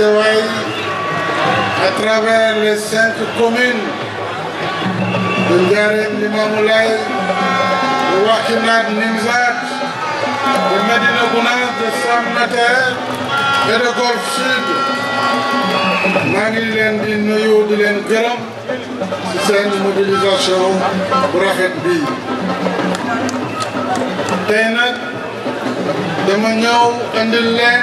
Paraguay a travers les cinq communes de Yarem Limamoulaye, de Wakinad Nimzat, de Medina Gounas, de Samnater et de Golfe Sud. maa ngi leen di nuyu di leen gërëm ci seen mobilisation bu rafet bii tey nag dama ñëw andil leen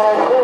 Thank you.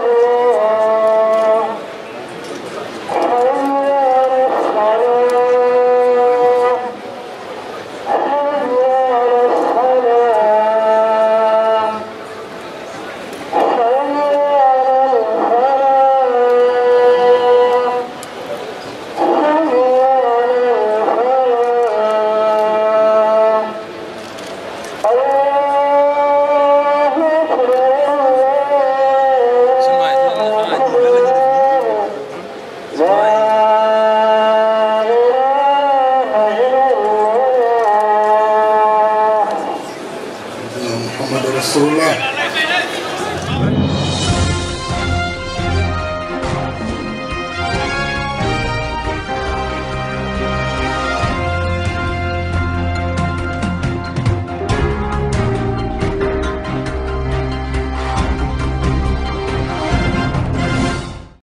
xuống nha